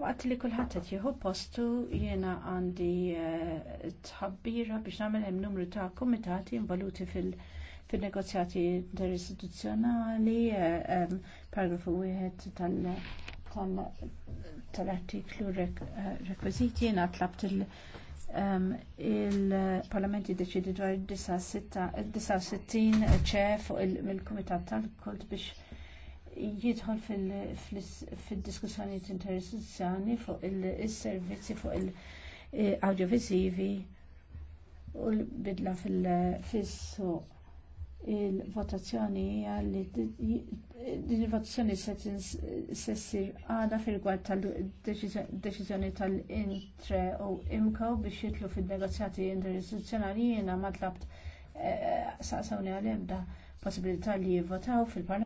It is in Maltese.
Waqt li kullħat qed jieħu postu jiena għandi eh, tħabbira biex nagħmel hemm numru ta' kumitati involuti fil- negozjati interistituzzjonali, eh, paragrafu wieħed tal-artiklu eh, rekwiziti jiena tlabt il-parlamenti deċidi dwar 69 ċe fuq il-kumitat tal-kult biex jidħol fil-diskussjoni fil fuq il-servizzi fuq il-audiovisivi eh, u l-bidla fil-fissu il-votazzjoni għalli il-votazzjoni se ssir għada fil-gwad tal-deċizjoni tal-intre u imko biex jitlu fil-negozjati interistituzzjonali jena matlabt eh, saqsawni għal-ebda possibilità li jivvotaw fil-parlament.